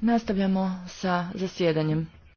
Nastavljamo sa zasjedanjem.